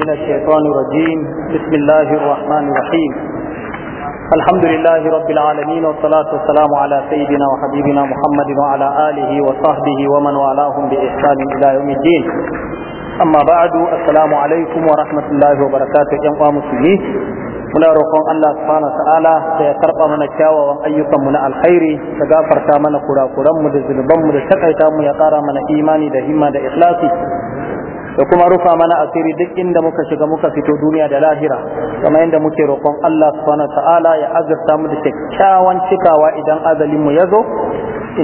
من الشيطان الرجيم بسم الله الرحمن الرحيم الحمد لله رب العالمين والصلاة والسلام على سيدنا وحبيبنا محمد وعلى آله وصحبه ومن والاهم بإحسان إلى يوم الدين أما بعد السلام عليكم ورحمة الله وبركاته يا مسلمين muna roƙon Allah subhanahu ta'ala da ya karɓa mana kyawawan ayyukan mu na alkhairi da gafarta mana kurakuran mu da zunuban mu da takaita mu ya ƙara mana imani da himma da ikhlasi da kuma rufa mana asiri duk inda muka shiga muka fito duniya da lahira kamar yadda muke roƙon Allah subhanahu ta'ala ya azurta mu da kyakkyawan cikawa idan azalin mu yazo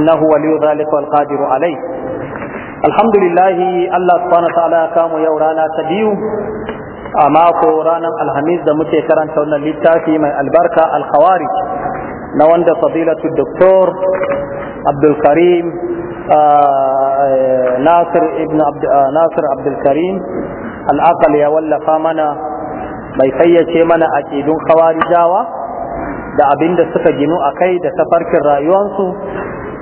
innahu waliyyu zalika wal qadiru alai alhamdulillah Allah subhanahu ta'ala ya kamo yau rana ta biyu a mako ranar alhamis da muke karanta wannan littafi mai albarka alkhawari na wanda fadilatu doktor abdulkarim nasir ناصر عبد abdulkarim العقل ya wallafa mana mai fayyace mana aƙidun khawarijawa da abin da suka ginu a kai da tafarkin rayuwansu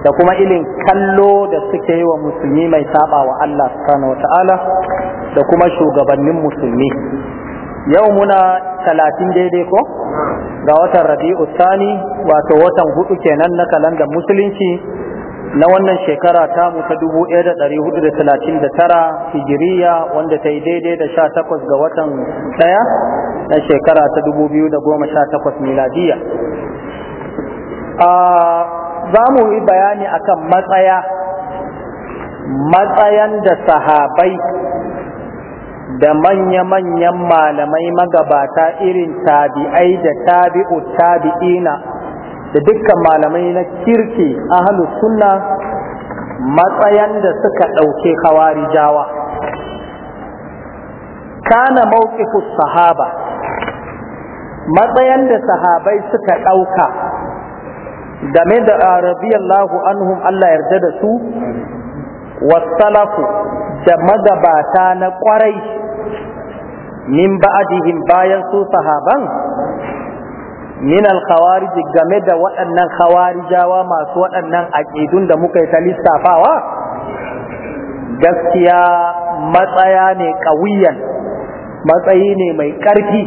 da kuma ilin kallo da suke yi wa musulmi mai saba wa Allah subhanahu ta'ala da kuma shugabannin musulmi yau muna talatin daidai ko ga watan rabi'u sani wato watan hudu kenan na kalandar musulunci na wannan shekara tamu ta 1439 hijiriya wanda ta yi daidai da 18 ga watan daya na shekara ta 2018 miladiya za mu yi bayani akan matsaya matsayan da sahabai da manya-manyan malamai magabata irin tabi'ai da tabi'u tabi'ina da dukkan malamai na kirki ahlu sunna matsayan da suka ɗauke khawarijawa kana mawqifu sahaba matsayan da sahabai suka ɗauka game da ah, radiyallahu anhum Allah yarda da su wasalafu da magabata na ƙwarai min ba'adihim bayan su sahaban min al-khawarij game da waɗannan khawarijawa masu waɗannan aqidun da muka yi ta lissafawa gaskiya matsaya ne kawiyan matsayi ne mai ƙarfi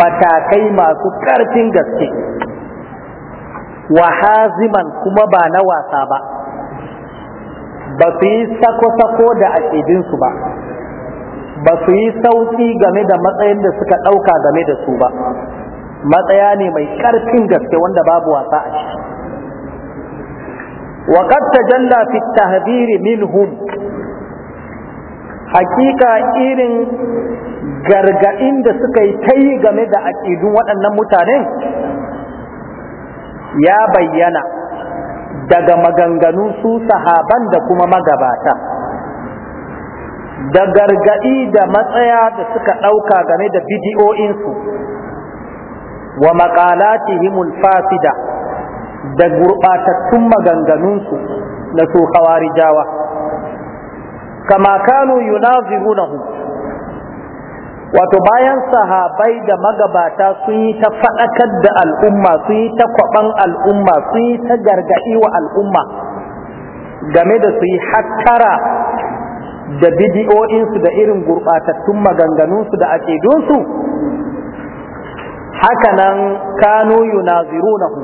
matakai masu ƙarfin gaske wahaziman kuma ba na wasa ba ba su yi sako-sako da aƙidunsu ba ba su yi sauƙi game da matsayin da suka ɗauka game da su ba matsaya ne mai ƙarfin gaske wanda babu wasa a shi وقد tajalla fi tahdhir minhum hakika irin gargaɗin da suka yi ta yi game da aƙidun waɗannan mutanen ya bayyana daga maganganun su sahaban da kuma magabata da gargaɗi da matsaya da suka ɗauka game da bidiyoyinsu wa maqalatihimul fasida da gurɓatattun maganganunsu na su khawarijawa kama kanu yunazirunahu wato bayan sahabai da magabata sun yi ta faɗakar da al'umma sun yi ta kwaɓan al'umma sun yi ta gargaɗi wa al'umma game da su yi hattara da bidiyoyinsu da irin gurɓatattun maganganunsu da aƙidunsu haka nan kanu yunazirunahu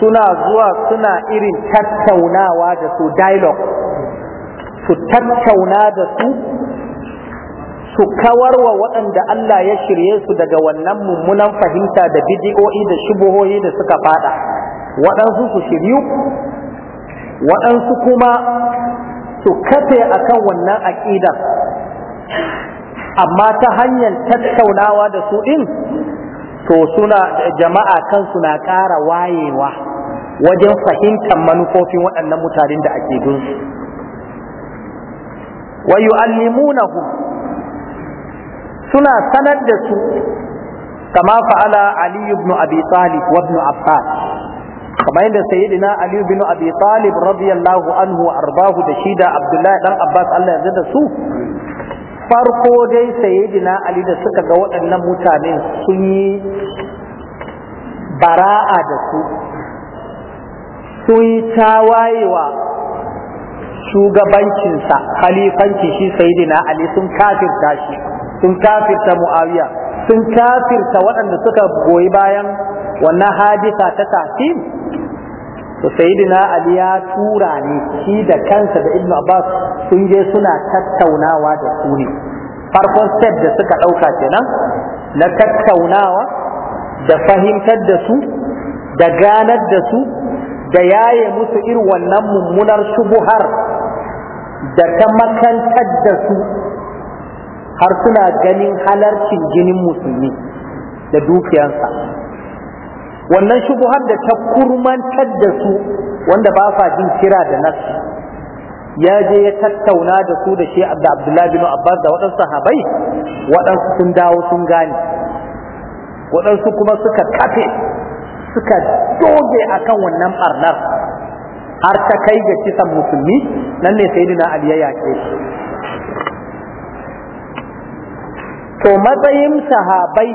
suna zuwa suna irin tattaunawa da su dialogue su tattauna da su su kawarwa waɗanda Allah ya shirye su daga wannan mummunan fahimta da bidiyoyi da shubuhoyi da suka fada waɗansu su shiryu waɗansu kuma su kafe kan wannan aƙidan amma ta hanyar tattaunawa da su ɗin to suna jama'a kansu na ƙara wayewa wajen fahimtar manufofin waɗannan mutanen da ake gunsu wa yu'allimunahu suna sanar da su kama fa'ala Ali ibn Abi Talib wa ibn Abbas kamar yadda sayyidina Ali ibn Abi Talib radiyallahu anhu arbahu da shi da Abdullahi dan Abbas Allah ya da su farko dai sayyidina ali da suka ga waɗannan mutane sun yi bara'a da su sun yi tawayewa shugabancinsa khalifanci shi sayyidina ali sun kafirta shi sun kafirta muawiya sun kafirta waɗanda suka goyi bayan wannan hadisa ta tafi to sayyidina ali ya tura ni shi da kansa da ibnu abbas sun je suna tattaunawa da su ne farkon step da suka ɗauka kenan na tattaunawa da fahimtar da su da ganar da su da yaye musu irin wannan mummunar shubuhar da ta makantar da su har suna ganin halarcin jinin musulmi da dukiyarsa wannan shubuhar da ta kurmantar da su wanda ba sa jin kira da nasu ya je ya tattauna da su da shi da Abdullahi bin Abbas da waɗansu sahabai waɗansu sun dawo sun gane waɗansu kuma suka kafe suka doge akan wannan barnar har ta kai ga kisan musulmi nan ne sai dina Ali ya yake to matsayin sahabai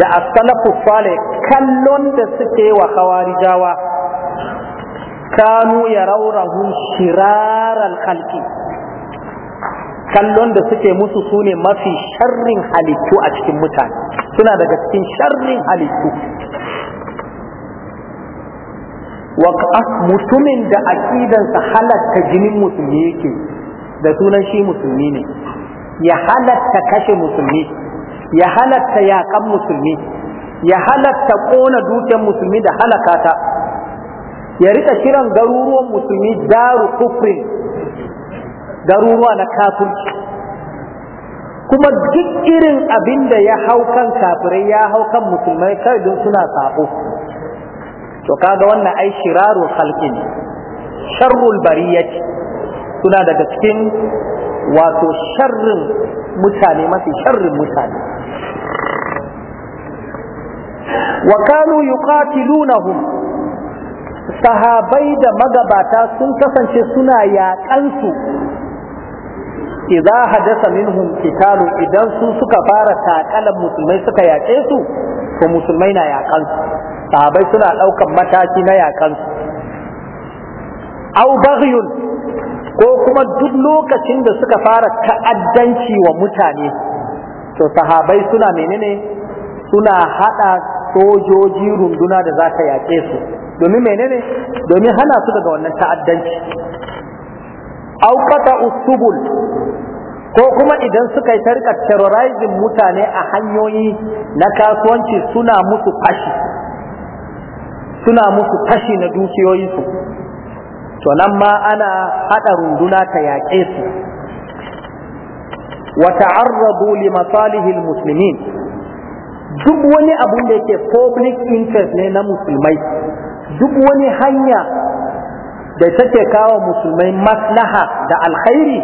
da asalafu fale kallon da suke wa khawarijawa kanu yarawrahum shiraral khalqi kallon da suke musu sune mafi sharrin halittu a cikin mutane suna daga cikin sharrin halittu mutumin da aƙidansa halatta jinin musulmi yake da sunan shi musulmi ne ya halatta kashe musulmi ya halatta yaƙan musulmi ya halatta ƙona dukiyar musulmi da halaka ta ya rika kiran garuruwan musulmi daru kufrin garuruwa na kafirci kuma duk irin abin da ya hau kan kafirai ya hau kan musulmai kai don suna sabo to kaga wannan ai shirarul khalqi sharrul bariyat suna daga cikin wato sharrin mutane mafi sharrin mutane wa kanu yuqatilunahum sahabai da magabata sun kasance suna yaƙansu idza hadasa minhum qitalu idan su suka fara takalan musulmai suka yaƙe su to musulmai na yaƙan su sahabai suna ɗaukan mataki na yaƙan su au baghyun ko kuma duk lokacin da suka fara ta'addanci wa mutane to sahabai suna menene suna hada sojoji runduna da za ka yaƙe su domin menene domin hana su daga wannan ta'addanci auqata usubul ko kuma idan suka yi tarkar terrorizing mutane a hanyoyi na kasuwanci suna musu fashi suna musu fashi na dukiyoyinsu to nan ma ana haɗa runduna ta yaƙe su wa ta'arradu li masalihil musulmin. duk wani abun da yake public interest ne na musulmai duk wani hanya da take kawo musulmai maslaha da alkhairi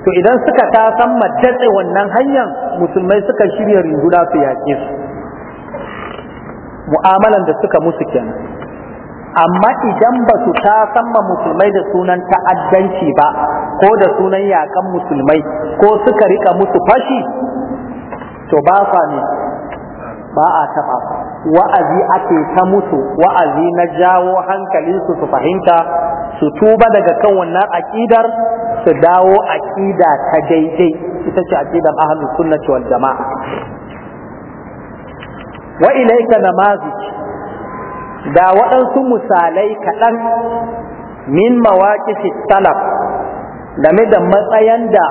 to idan suka ta san matatse wannan hanyar musulmai suka shirya riguna su yaƙe su mu'amalan da suka musu kenan amma idan ba su ta san musulmai da sunan ta'addanci ba ko da sunan yaƙan musulmai ko suka rika musu fashi to ba sa ne ba a taɓa wa'azi ake ta mutu wa'azi na jawo hankali su fahimta su tuba daga kan wannan aƙidar su dawo aƙida ta daidai ita ce aƙidar ahlus sunnati wal jama'a wa ilayka namazij da waɗansu misalai kaɗan min mawaƙi talab game da matsayan da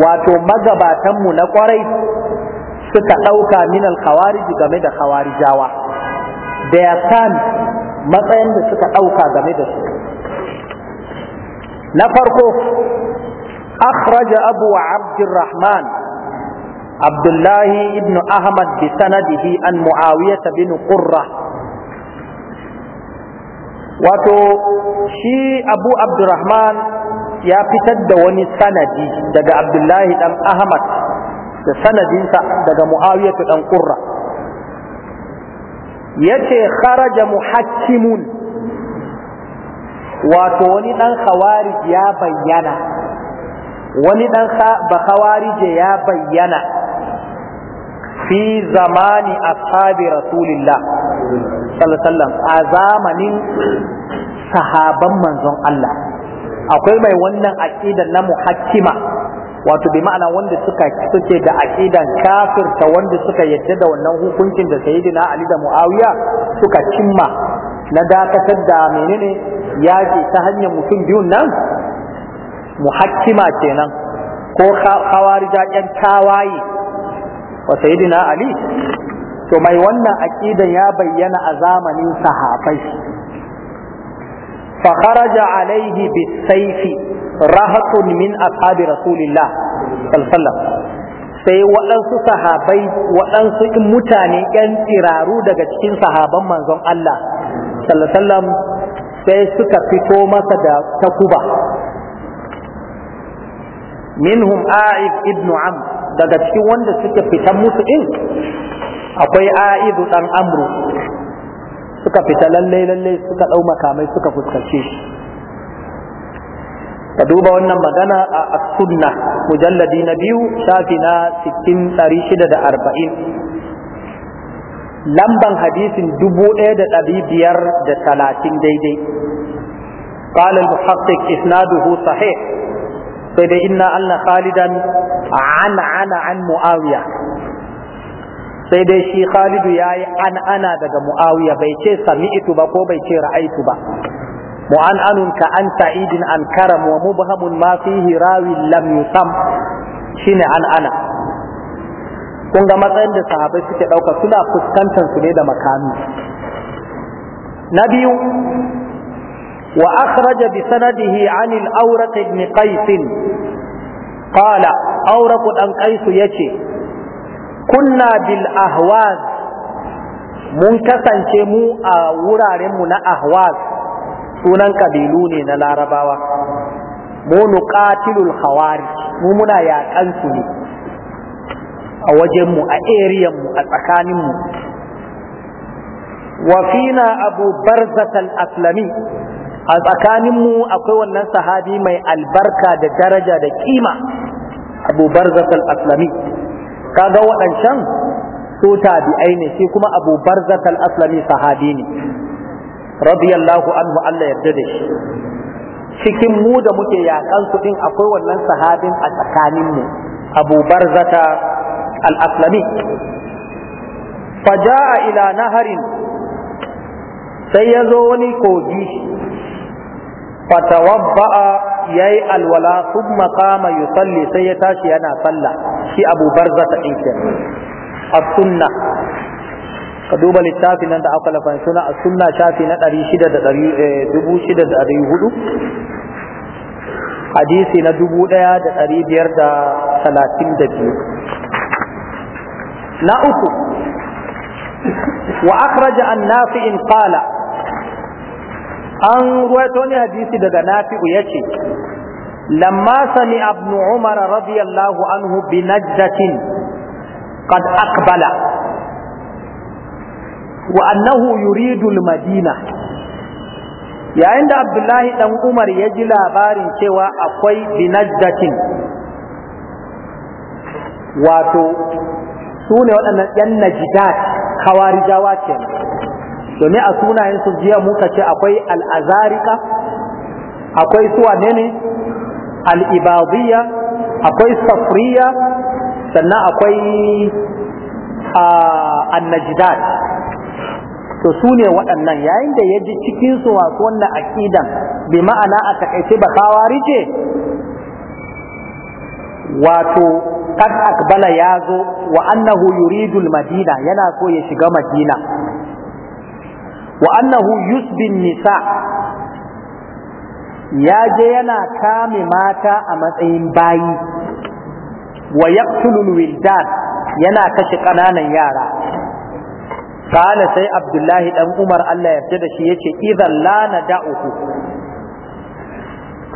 wato magabatanmu na ƙwarai suka ɗauka min alkhawarij game da khawarijawa da ya san matsayin da suka ɗauka game da su na farko akhraja abu abdurrahman abdullahi ibn ahmad bi sanadihi an muawiyah bin qurra wato shi abu abdurrahman ya fitar da wani sanadi daga abdullahi dan ahmad da sanadinsa daga mu'awiyatu dan kurra yace kharaja muhakkimun wato wani dan khawarij ya bayyana wani dan ba ya bayyana fi zamani ashabi rasulillah sallallahu a zamanin sahaban manzon Allah akwai mai wannan aqidar na muhakkima wato bi ma'ana wanda suka suke da aqidan kafirta wanda suka yadda da wannan hukuncin da sayyidina Ali da Muawiya suka cimma na dakatar da menene yaji ta hanyar mutum biyun nan muhakkima kenan ko khawarija yan tawaye wa sayyidina Ali to mai wannan aqidan ya bayyana a zamanin sahabbai fa kharaja alaihi bisayfi rahatun min ashabi rasulillah sallallahu sai waɗansu sahabai waɗansu mutane ƴan tsiraru daga cikin sahaban manzon Allah sallallahu sai suka fito masa da takuba minhum a'id ibn am daga cikin wanda suka fitan musu din akwai A'id dan amru suka fita lalle lalle suka ɗau makamai suka fuskace shi ka duba wannan magana a sunna mujalladi na biyu shafi na 640 lamban hadisin 1530 daidai قال المحقق إسناده صحيح فإن أن خالدا عن عن عن معاوية sai dai shi khalidu ya yi an'ana daga mu'awiya bai ce sami'tu ba ko bai ce ra'aitu ba mu'an'anun ka an ta'idin an karam wa mubhamun ma fihi rawi lam yusam shine an ana kun ga matsayin da sahabai suke ɗauka suna fuskantar su ne da makami na biyu wa akhraja bi sanadihi an al-awraq ibn qais qala awraq dan qais yace kunna bil ahwaz mun kasance mu a wurarenmu na ahwaz sunan kabilu ne na larabawa mu nuqatilul khawarij mu muna yaƙan su ne a wajenmu a eriyanmu a tsakaninmu wafina abu barzatal aslami a tsakaninmu akwai wannan sahabi mai albarka da daraja da kima abu barzatal aslami kaga waɗancan su tabi'ai ne shi kuma abu barzat al-aslami sahabi ne radiyallahu anhu Allah yarda da shi cikin mu da muke yakan su din akwai wannan sahabin a tsakanin mu abu barzata al-aslami faja'a ila naharin sai ya zo wani kogi fatawabba'a yayi alwala thumma qama yusalli sai ya tashi yana sallah shi Abu Barza ta din kenan as-sunna ka duba littafin nan da aka lafa suna as-sunna shafi na 600 hadisi na dubu ɗaya da ɗari biyar da talatin da biyu na uku wa akhraja an nafi'in qala an ruwaito ne hadisi daga nafi'u yace lamma sami ibn umar radiyallahu anhu bi najdatin qad aqbala wa annahu yuridu madina yayin da abdullahi dan umar ya ji labarin cewa akwai bi najdatin wato su ne waɗannan yan najidat kawarijawa kenan domin a sunayen su jiya muka ce akwai al'azarika akwai suwa ne ne akwai safriya sannan akwai annajidat to su ne waɗannan yayin da ya ji cikinsu masu wannan aƙidan bi ma'ana a takaice ba kawari ce wato kad akbala ya zo wa annahu yuridul madina yana so ya shiga madina wa annahu yusbin nisa ya je yana kame mata a matsayin bayi wa yaqtulul wildan yana kashe ƙananan yara kana sai abdullahi ɗan umar Allah ya da shi yace idan la nada'uhu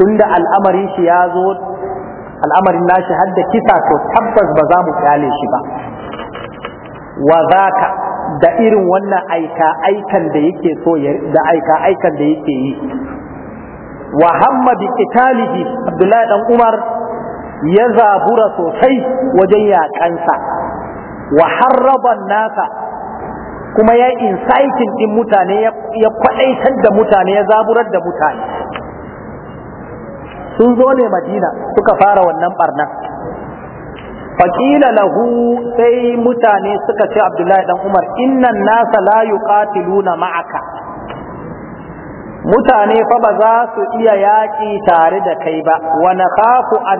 tunda al'amarin shi ya zo al'amarin nashi hadda kisa to tabbas ba za mu kyale shi ba wa zaka da irin wannan aika aikan da yake so da aika aikan da yake yi wa hamma bi qitalihi abdullahi dan umar ya zabura sosai wajen yaƙansa wa nasa kuma ya inciting din mutane ya kwadaitar da mutane ya zaburar da mutane sun zo ne madina suka fara wannan barna faƙila lahu sai mutane suka ce abdullahi dan umar innan nasa la yuqatiluna ma'aka mutane fa ba za su iya yaƙi tare da kai ba wa nakhafu an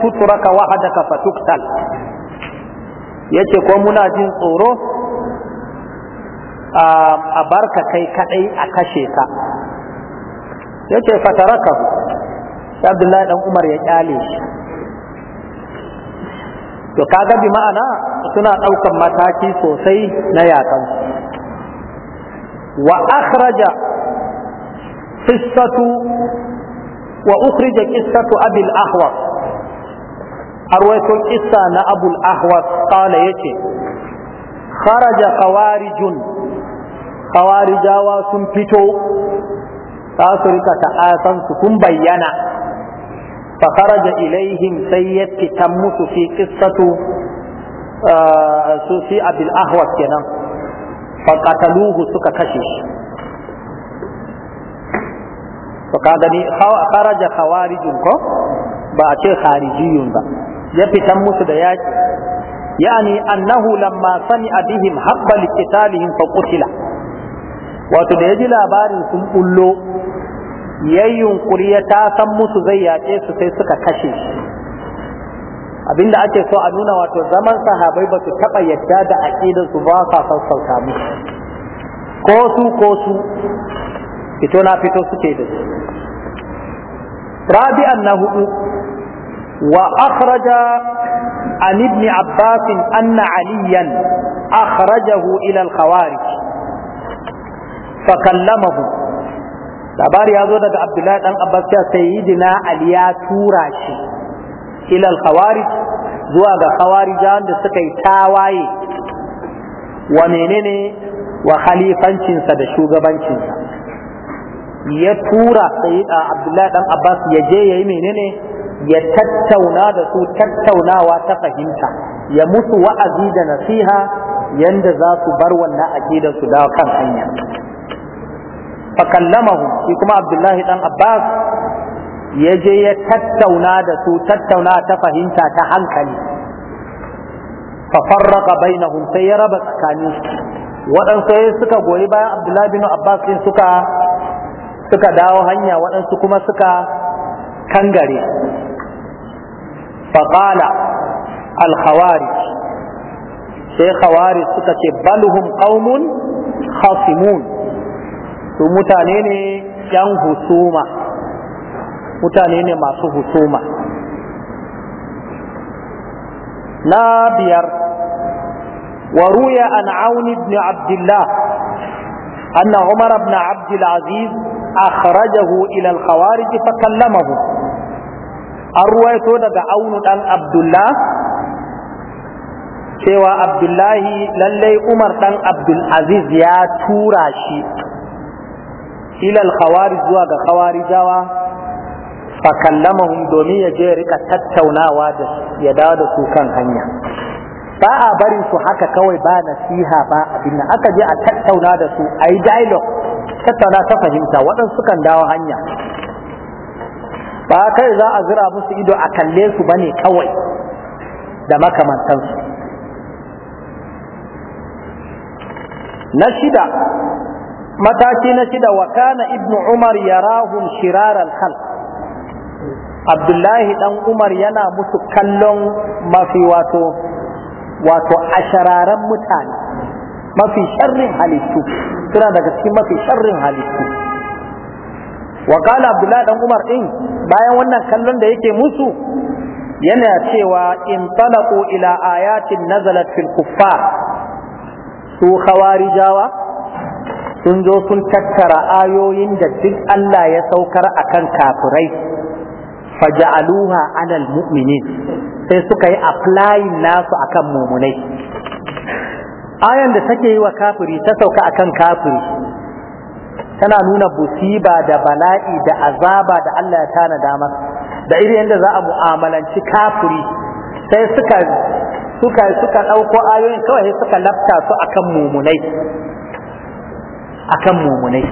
tutraka wahadaka fatuktal yace ko muna jin tsoro a barka kai kadai a kashe ka yace fataraka abdullahi dan umar ya kyale shi to kaga bi ma'ana suna daukan mataki sosai na yakan wa akhraja qissatu wa ukhrija qissatu abil ahwas arwayto qissa na abul ahwas qala yace kharaja qawarijun qawarijawa sun fito ta surika ta ta'asan su kun bayyana فخرج إليهم سيد تتمس في قصة آه، سوسي أبي الأهوى كنا فقتلوه سك كشيش فقالني خرج خوارج كو خارجي با يبي تمس دياج يعني أنه لما سمع بهم حب لقتالهم فقتل وتدعي da ya yayi yunkuri ya ta san musu zai yace su sai suka kashe shi abinda ake so a nuna wato zaman sahabai ba su taɓa yadda da aƙidar su ba sa sassauta musu ko su ko su fito na fito suke da su rabi'an na hudu wa akhraja an ibn abbas anna aliyan akhrajahu ila al-khawarij fa kallamahu labari ya zo daga abdullahi dan abbas ya sayyidina ali ya tura shi ila al-khawarij zuwa ga khawarijan da suka yi tawaye wa menene wa sa da shugabancinsa ya tura sayyida abdullahi dan abbas ya je yayi menene ya tattauna da su tattaunawa ta fahimta ya musu wa'azi da nasiha yanda za su bar wannan aqidar su da kan hanya fa shi kuma abdullahi dan abbas ya je ya tattauna da su tattauna ta fahimta ta hankali fa farraqa bainahum sai ya raba tsakanin waɗansu suka goyi bayan abdullahi bin abbas din suka suka dawo hanya waɗansu kuma suka kangare faƙala alkhawarij sai khawarij suka ce balhum qaumun khasimun su mutane ne yan husuma mutane ne masu husuma na biyar waruya عن Umar بن عبد الله أن عمر بن عبد العزيز أخرجه إلى الخوارج فكلمه الرواية لدى عون بن عبد الله cewa Abdullahi lallai Umar ɗan Abdulaziz ya tura shi ilal khawarij zuwa ga khawarijawa fa kallamahum domin ya je rika tattaunawa ya dawo da su kan hanya ba a barin su haka kawai ba nasiha ba abin nan aka je a tattauna da su a yi dialogue tattauna ta fahimta waɗansu kan dawo hanya ba kai za a zira musu ido a kalle su ne kawai da makamantansu na shida mataki na shida wa kana ibnu umar ya shirar al-khalq abdullahi dan umar yana musu kallon mafi wato wato mutane mafi sharrin halittu suna daga cikin mafi sharrin halittu wa abdullahi dan umar din bayan wannan kallon da yake musu yana cewa in talaqu ila ayatin nazalat fil kuffar su khawarijawa sun zo sun tattara ayoyin da duk Allah ya saukar a kan kafirai faja'aluha alal mu'minin sai suka yi applying nasu akan mumunai ayan da take yi wa kafiri ta sauka akan kafiri tana nuna busiba da bala'i da azaba da Allah ya tana dama da iri yadda za a mu'amalanci kafiri sai suka suka suka ɗauko ayoyin kawai suka lafta su akan mumunai akan mumunai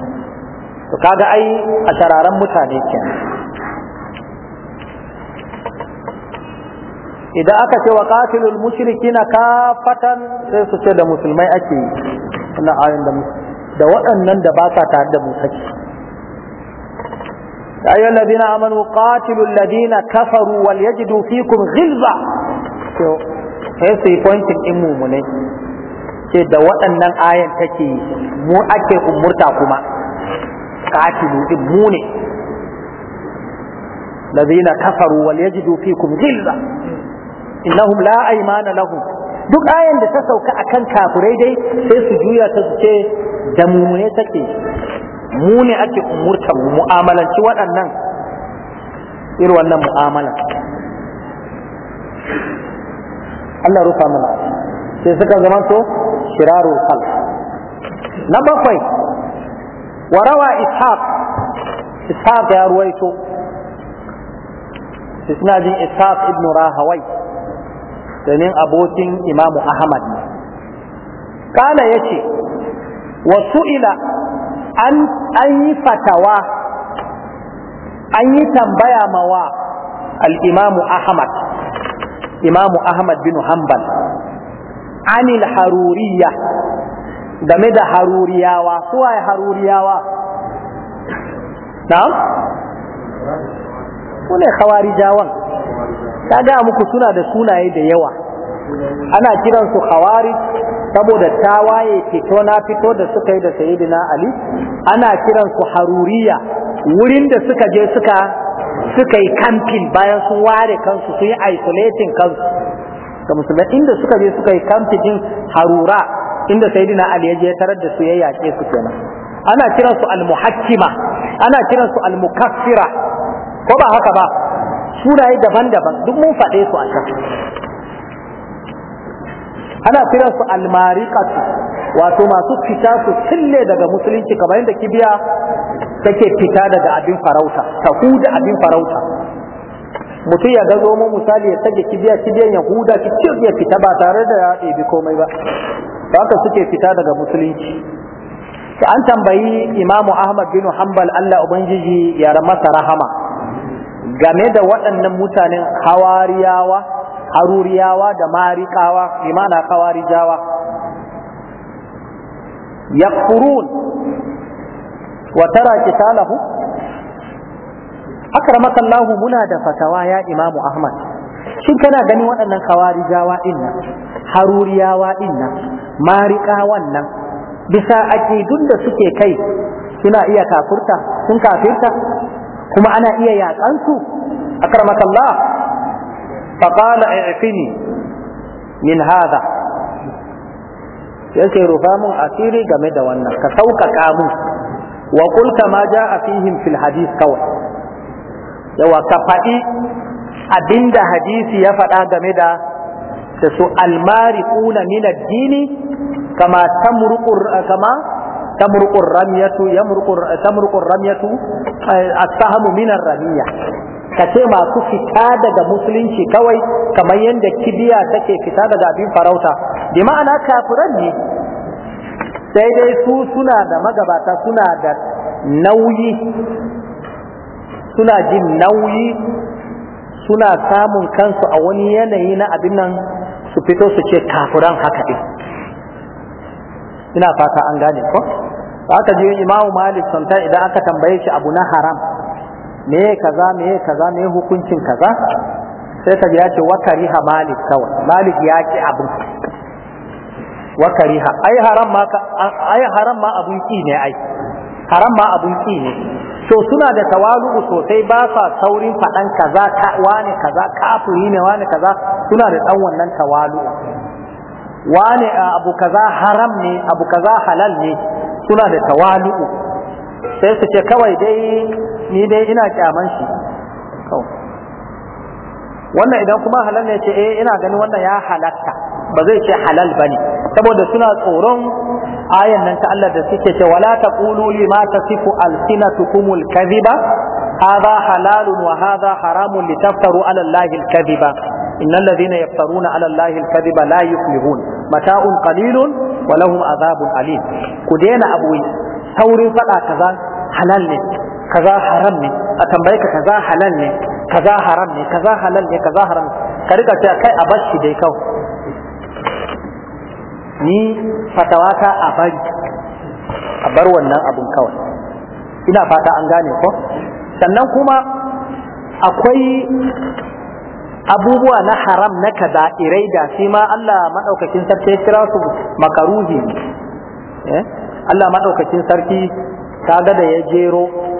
to kaga ai a tararan mutane kenan idan aka ce wa qatilul mushrikina kafatan sai su ce da musulmai ake wannan ayoyin da da waɗannan da ba sa tare da mu sake أيها الذين آمنوا قاتلوا الذين كفروا وليجدوا فيكم غلظة sai su yi pointin in mumunai ce da waɗannan ayan take mu ake umurta kuma katilu din mu ne ladina kafaru wal yajidu fikum ghilza innahum la aymana lahum duk ayan da ta sauka akan kafirai dai sai su juya ta su ce da mu ne take mu ne ake umurta mu mu'amalanci waɗannan irin wannan mu'amala Allah rufa mana sai suka zama to اقرار الخلق نبقي وروى إسحاق إسحاق يا رويتو إسناد إسحاق ابن راهوي لنين أبوتين إمام أحمد قال يتي وسئل عن أي فتوى أي تنبيا مواه الإمام أحمد إمام أحمد بن حنبل anil haruriya game da haruriyawa suwa haruriya wa? na'am ko ne khawarijawan ta muku suna da sunaye da yawa ana kiransu hawari saboda tawaye fito na fito da suka yi da sayidina ali ana kiransu haruriya wurin da suka je suka suka yi kamfin bayan sun ware kansu sun yi isolating kansu Ka musulmai inda suka je suka yi kamfin harura inda sayyidina ali ya je tarar da su ya yaƙe su kenan ana kiran su almuhakkima ana kiran su almukaffira ko ba haka ba sunaye daban-daban duk mun faɗe su a can ana kiran su almariqatu wato masu fita su cille daga musulunci kamar yadda kibiya take fita daga abin farauta ta huda abin farauta mutum ya gazo mu misali ya sake kibiya kibiyan yahuda ki ce ya fita ba tare da ya ɗebi komai ba Ba haka suke fita daga musulunci an tambayi imamu ahmad bin hanbal allah ubangiji ya masa rahama game da waɗannan mutanen hawariyawa haruriyawa da marikawa imana Ya yakfurun wa tara kitalahu akramakallahu muna da fatawa ya imamu ahmad shin kana ganin waɗannan kawarijawa din nan haruriyawa din nan mariƙawan nan bisa aƙidun da suke kai suna iya kafurta sun kafirta kuma ana iya yaƙansu akramakallah faqala i'fini min Ya ce rufa mun asiri game da wannan ka sauƙaƙa mun wa ma ja jaa fihim fil hadith kawai yawa ka faɗi abinda hadisi ya faɗa game da da su almariquna min ad-dini kama tamruqur ramyatu a tamruqur ramyatu as-sahmu masu fita daga musulunci kawai kamar yadda kibiya take fita daga abin farauta bi ma'ana kafiran ne sai dai su suna da magabata suna da nauyi suna jin nauyi suna samun kansu a wani yanayi na abin nan su fito su ce kafuran haka ɗin ina fata an gane ko aka je imamu malik santa idan aka tambaye shi abu na haram me kaza me kaza me hukuncin kaza sai ka ya ce wakariha malik kawai malik ya ki abin wakariha ai haram ma ai haram ma abun ki ne ai haram ma abun ki ne to suna da tawalu'u sosai ba sa saurin faɗan kaza ka wane kaza kafiri ne wane kaza suna da ɗan wannan tawalu'u wane abu kaza haram ne abu kaza halal ne suna da tawalu'u sai su ce kawai dai ni dai ina kyaman shi wannan idan kuma halal ne ce eh ina ganin wannan ya halatta ba zai ce halal bane saboda suna tsoron ayan nan ta Allah da suke ce wala taqulu lima tasifu alsinatukumul kadhiba hadha halalun wa hadha haramun litaftaru ala allahi alkadhiba innal ladhina yaftaruna ala allahi alkadhiba la yuflihun mata'un qalilun wa lahum adhabun alim ku daina abu saurin fada kaza halal ne kaza haram ne a tambaye ka kaza halal ne kaza haram ne kaza halal ne kaza haram ka rika cewa kai a bashi dai kawai ni fatawata a bari a bar wannan abun kawai ina fata an gane ko sannan kuma akwai abubuwa na haram na irai da shi ma Allah maɗaukakin sarki ya kira su makaruhi eh? Allah maɗaukakin sarki kaga da ya jero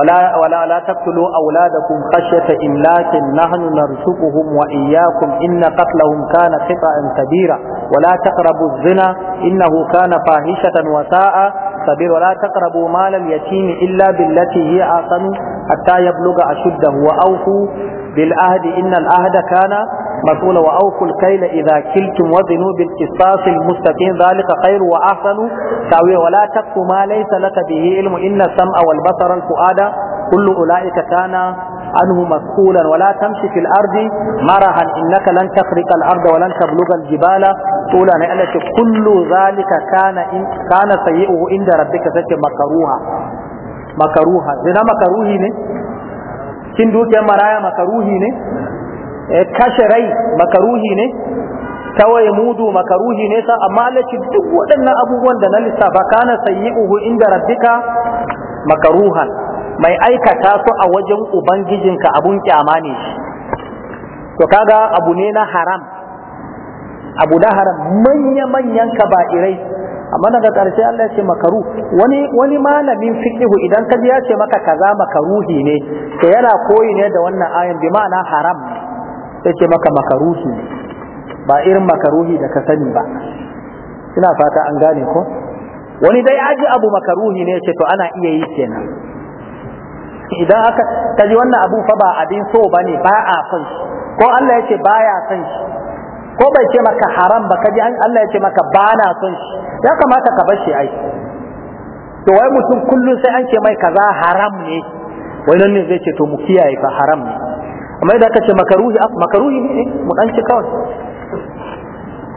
ولا ولا لا تقتلوا أولادكم خشية إملاك نحن نرزقهم وإياكم إن قتلهم كان خطأ كبيرا ولا تقربوا الزنا إنه كان فاحشة وساء سبيل ولا تقربوا مال اليتيم إلا بالتي هي أحسن حتى يبلغ أشده وأوفوا بالعهد إن العهد كان مسؤول وأوفوا الكيل إذا كلتم وزنوا بالقسطاس المستقيم ذلك خير وأحسن تأويل ولا تقف ما ليس لك به علم إن السمع والبصر الفؤاد كل أولئك كان عنه مسؤولا ولا تمشي في الأرض مرها إنك لن تخرق الأرض ولن تبلغ الجبال طولا يعني كل ذلك كان إن كان سيئه عند ربك سكي مكروها مكروها زنا مكروهي ne cin dukiyar maraya makaruhi ne Eh, kashe rai makaruhi ne kawai mudu makaruhi ne sa amma Allah duk waɗannan abubuwan da na lissafa kana sayyi'uhu inda rabbika makaruhan mai aikata su a wajen ubangijinka abun kyama ne shi to kaga abu ne na haram abu na haram manya manyan kaba'irai amma daga ƙarshe Allah ya ce makaru wani wani malamin fiqhu idan kaji ya ce maka kaza makaruhi ne to yana koyi ne da wannan ayan bi ma'ana haram ne sai ce maka makaruhi ba irin makaruhi da ka sani ba ina fata an gane ko wani dai aji abu makaruhi ne ce to ana iya yi kenan idan aka kaji wannan abu fa ba abin so bane ba a son shi ko Allah ya ce baya son shi ko bai ce maka haram ba kaji Allah ya ce maka ba na son shi ya kamata ka bar shi ai to wai mutum kullum sai an ce mai kaza haram ne wai nan ne zai ce to mu kiyaye fa haram ne kamar yadda aka ce makaruhi af ah, makaruhi ne mu dan ci kawai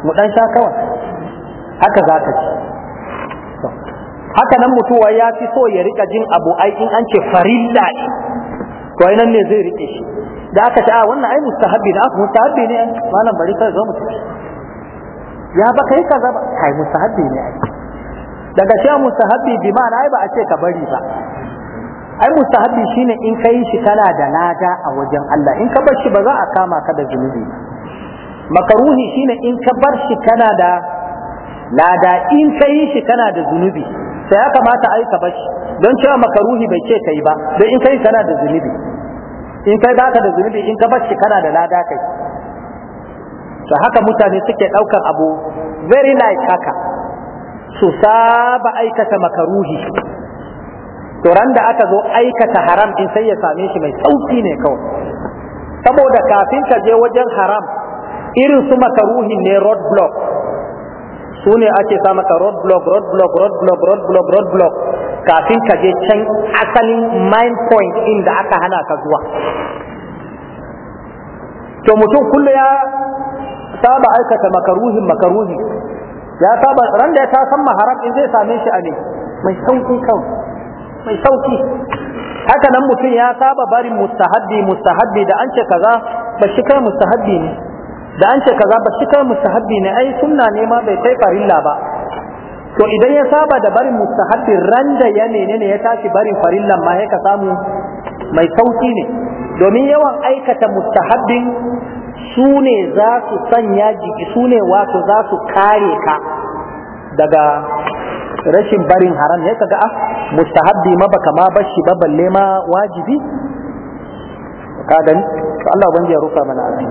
mu dan sha kawai haka za ka ci haka nan mutuwa ya fi so ya rika jin abu ai in an ce farilla ne to ai nan ne zai rike shi da aka ce a ah, wannan ai mustahabbi ne aka ah, mustahabbi ne malam bari kai zo mu ya ba kai kaza ba kai mustahabbi ne ai daga cewa mustahabbi bi ma'ana ai ba a ce ka bari ba ai mustahabi shine in kai shi kana da lada a wajen Allah in ka bar shi ba za a kama ka da zunubi makaruhi shine in ka bar shi kana da lada in kai shi kana da zunubi sai ya kamata ai ka bar shi don cewa makaruhi bai ce kai ba don in kai kana da zunubi in kai baka da zunubi in ka bar shi kana da lada kai to haka mutane suke daukar abu very light haka su saba aikata makaruhi to ran da aka zo aikata haram in sai ya same shi mai sauki ne kawai saboda kafin ka je wajen haram irin su makaruhi ne road block su ne ake sa maka road block road block road block road block road block kafin ka je can asalin mind point inda aka hana ka zuwa to mutum kullu ya saba aikata makaruhi makaruhi ya saba ran da ya ta san maharam in zai same shi a ne mai sauki kawai mai sauki haka nan mutum ya saba barin mustahabbi mustahabbi da an ce kaza ba shi kai mustahabbi ne da an ce kaza ba shi kai mustahabbi ne ai sunna ne ma bai kai farilla ba to idan ya saba da barin mustahabbi randa ya menene ya tashi barin farillan ma ya ka samu mai sauki ne domin yawan aikata mustahabbin su za su sanya jiki su ne wato za su kare ka daga rashin barin haram ya kaga a ah, mustahabbi ma baka ma bashi ba balle ma wajibi ka gani to Allah ban ya ruka mana abin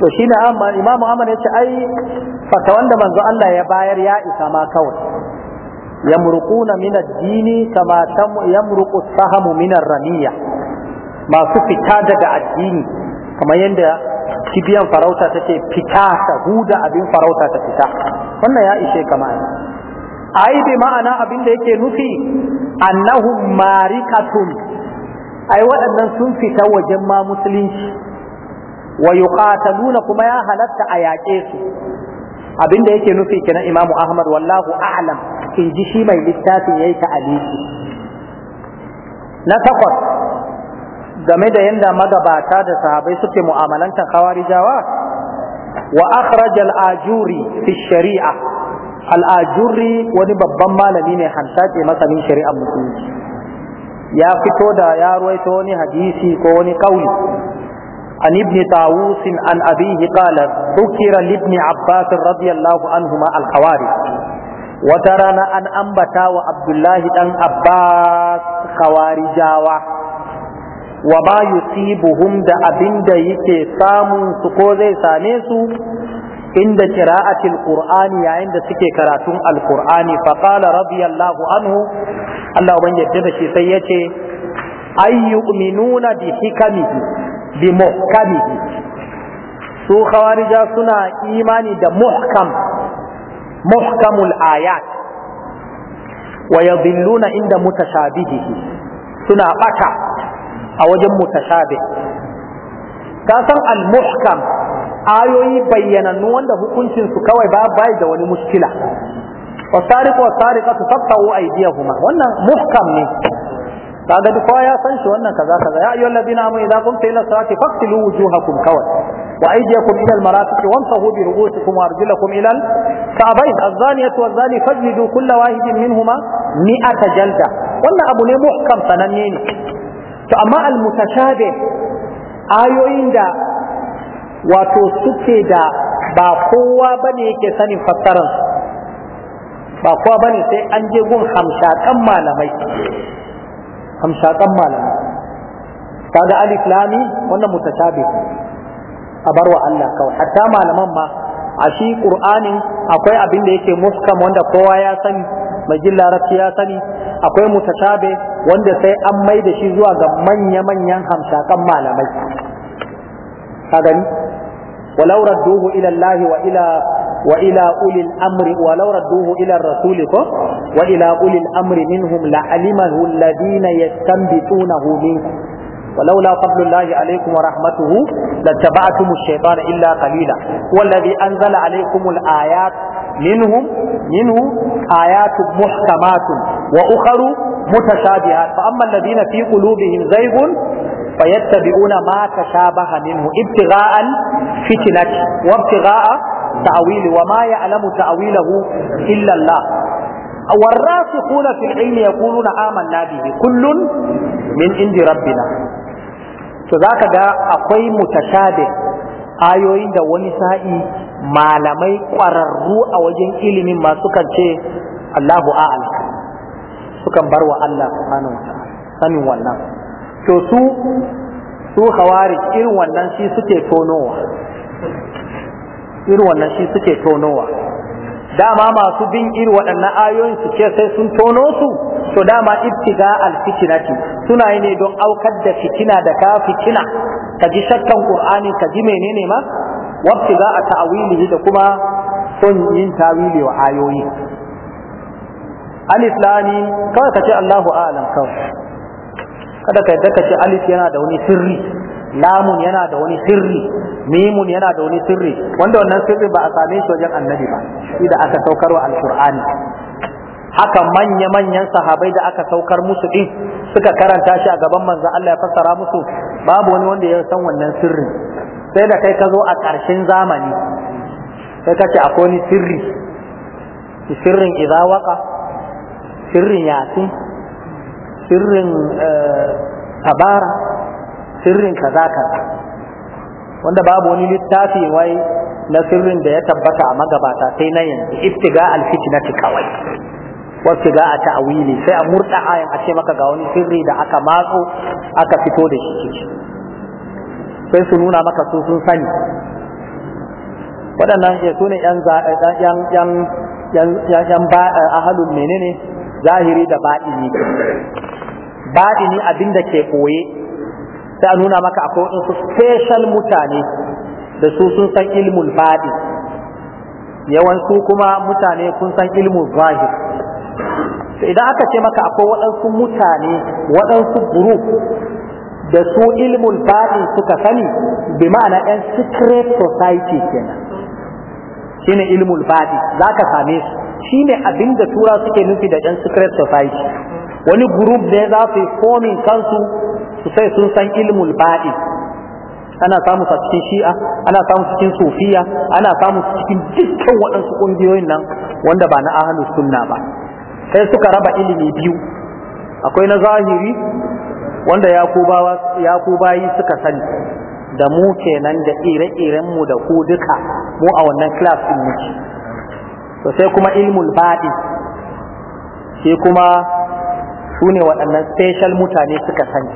to shine amma imamu amana yace ai fata wanda manzo Allah ya bayar ya isa ma kawai yamruquna min ad-dini kama tam yamruqu sahamu min ar-ramiya masu fita daga addini kamar yadda kibiyan farauta take fita ta huda abin farauta ta fita wannan ya ishe kama ai bi ma'ana abin da yake nufi annahum marikatun ai waɗannan sun fita wajen ma musulunci wa yuqataluna kuma ya halatta a yaƙe su abin da yake nufi kenan imamu ahmad wallahu a'lam in ji shi mai littafin yayi ta aliki na takwas game da yanda magabata da sahabai suke mu'amalantar kawarijawa وأخرج الآجوري في الشريعة الآجوري ونبب بما لين خمسات مثلا من شريعة مسلمين يا فتودا يا رويتوني حديثي كوني قولي عن ابن طاووس عن أبيه قال ذكر لابن عباس رضي الله عنهما الخوارج وترانا أن أنبتا وعبد الله أن أباس خوارجاوه wa ba yusibuhum da abinda yake samun su ko zai same su inda qira'atil qur'ani yayin da suke karatun alqur'ani fa qala radiyallahu anhu Allah ban yadda da shi sai yace ayyuminuna bi hikamihi bi muhkamihi su khawarija suna imani da muhkam muhkamul ayat wa yadhilluna inda mutashabihihi suna bata a wajen mutashabih ka san al-muhkam ayoyi bayyanannu wanda hukuncin su kawai ba bai da wani mushkila wasariqu wasariqatu faqtu aydiyahuma wannan muhkam ne kaga duk ya san shi wannan kaza kaza ya ayyuhal ladina amanu idza qumtum ila salati faqtilu wujuhakum kawai wa aydiyakum ila al-marafiq wamsahu bi ru'usikum wa arjulakum ila al-ka'bayn az-zaniyatu waz-zani fajlidu kulla wahidin minhuma mi'ata jalda wannan abu ne muhkam sananne ne to amma al-mutashabih ayoyin da wato suke da ba kowa bane yake sanin fassarar ba kowa bane sai an je gun hamshakan malamai hamshakan malamai kaga alif lami wannan mutashabih a bar wa Allah kawai hatta malaman ma a shi qur'anin akwai abin da yake muskam wanda kowa ya sani mai jin larabci ya sani akwai mutatabe wanda sai an mai da shi zuwa ga manya-manyan hamshakan malamai ka gani walau radduhu ila Allah wa ila wa ila ulil amri walau radduhu ila rasuli ko wa ila ulil amri minhum la alimahu alladhina yastanbitunahu minkum ولولا فضل الله عليكم ورحمته لاتبعتم الشيطان إلا قليلا والذي أنزل عليكم منهم منه آيات محكمات وأخر متشابهات فأما الذين في قلوبهم زيغ فيتبعون ما تشابه منه ابتغاء الفتنة وابتغاء تأويل وما يعلم تأويله إلا الله والراسخون في العلم يقولون آمنا به كل من عند ربنا فذاك دا أقوي متشابه آيوين دا ونسائي malamai ƙwararru a wajen ilimin ma kan ce Allahu a'ala sukan bar wa Allah subhanahu wa ta'ala sanin wannan to su su hawari irin wannan shi suke tonowa irin wannan shi suke tonowa dama masu bin irin waɗannan ayoyin su ce sai sun tono su to dama ibtiga alfitinati suna yi ne don aukar da fitina da ka fitina ka ji shakkan qur'ani ka ji menene ma wabti za a ta'awilihi da kuma son yin tawili wa ayoyi alif lami kawai ka ce Allahu a'lam kawai kada ka yadda ka ce alif yana da wani sirri lamun yana da wani sirri mimun yana da wani sirri wanda wannan sirri ba a same shi wajen annabi ba shi da aka saukar wa alqur'ani haka manya-manyan sahabai da aka saukar musu din suka karanta shi a gaban manzon Allah ya fassara musu babu wani wanda ya san wannan sirrin sai da kai ka zo a ƙarshen zamani sai ka ce akwai ni sirri sirrin izawaka sirrin yasi, sirrin eh, tabara sirrin kaza kaza wanda babu wani littafi wai na sirrin da ya tabbata a magabata sai na yanzu iftiga alfitinati kawai wasu ga a ta'awili sai a murta ayan a ce maka ga wani sirri da aka matso aka fito da shi sai su nuna maka su sun sani waɗannan eh, su ne ‘yan ahalun menene zahiri da ba'ini ba'ini abin da ke koye sai a nuna maka akwai waɗansu special mutane da su sun san ilmul ba'i, yawansu kuma mutane kun san ilmul zahir idan aka ce maka akwai waɗansu mutane waɗansu group da su ilmul baɗi suka sani bi ma'ana ɗan secret society kenan shine ilmul baɗi za ka same su shine abin da tura suke nufi da ɗan secret society wani group ne za su yi forming kansu su sai sun san ilmul baɗi ana samu su cikin shi'a ana samu su cikin sufiya ana samu su cikin dukkan waɗansu ƙungiyoyin nan wanda ba na ahlus sunna ba sai suka raba ilimi biyu akwai na zahiri wanda ya ku bayi suka sani da mu kenan da ire-irenmu da ku duka mu a wannan class din muke to sai kuma ilmul baɗi sai kuma su ne waɗannan special mutane suka sani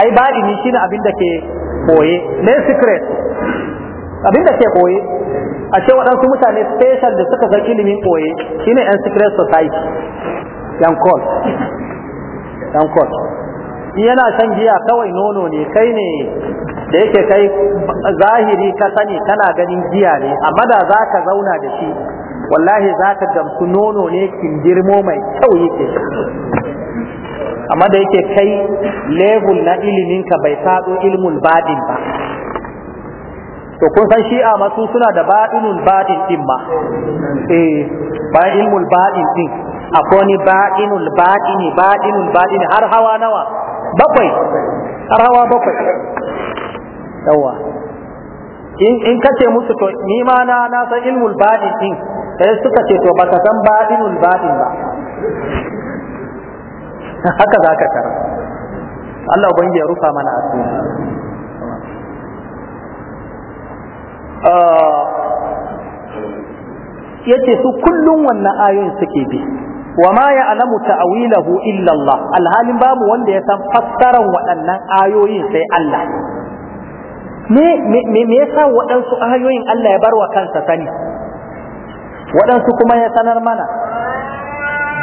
ai baɗi ni shine abin da ke koye ne secret abin da ke koye a ce waɗansu mutane special da suka san ilimin koye shine yan secret society yan call yan call yana shan giya kawai nono ne kai ne da yake kai zahiri ka sani kana ganin giya ne amma da za ka zauna da shi wallahi za ka gamsu nono ne kindirmo mai kyau yake amma da yake kai level na ka bai faɗo ilmul badin ba to kun san shi'a masu suna da badinul badin din ma eh bayan ilmul badin din akwai ni badinul badini badinul badini har hawa nawa bakwai rawa bakwai yawa in ka ce musu to ni ma na na san ilmul badin din sai suka ce to baka san badinul badin ba haka za ka tara Allah ubangi ya rufa mana asiri ah, yace su kullum wannan ayoyin suke bi wa ma ya'lamu ta'wilahu illa Allah alhalin babu wanda ya san fassaran waɗannan ayoyin sai Allah me me yasa waɗansu ayoyin Allah ya bar wa kansa sani waɗansu kuma ya sanar mana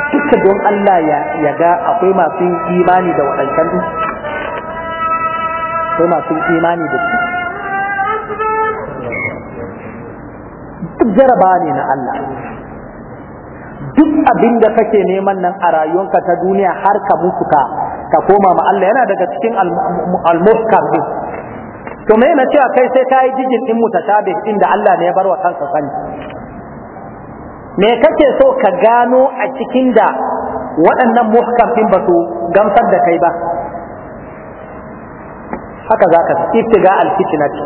duka don Allah ya ga akwai masu imani da waɗancan akwai masu imani da su duk jaraba ne na Allah duk abin da kake neman nan a rayuwanka ta duniya har ka mutu ka ka koma ma Allah yana daga cikin al-muhkam din to me na cewa kai sai kai jigin din mutashabih din da Allah ne ya bar wa kanka sani me kake so ka gano a cikin da waɗannan muhkam din ba su gamsar da kai ba haka zaka iftiga al-fitnati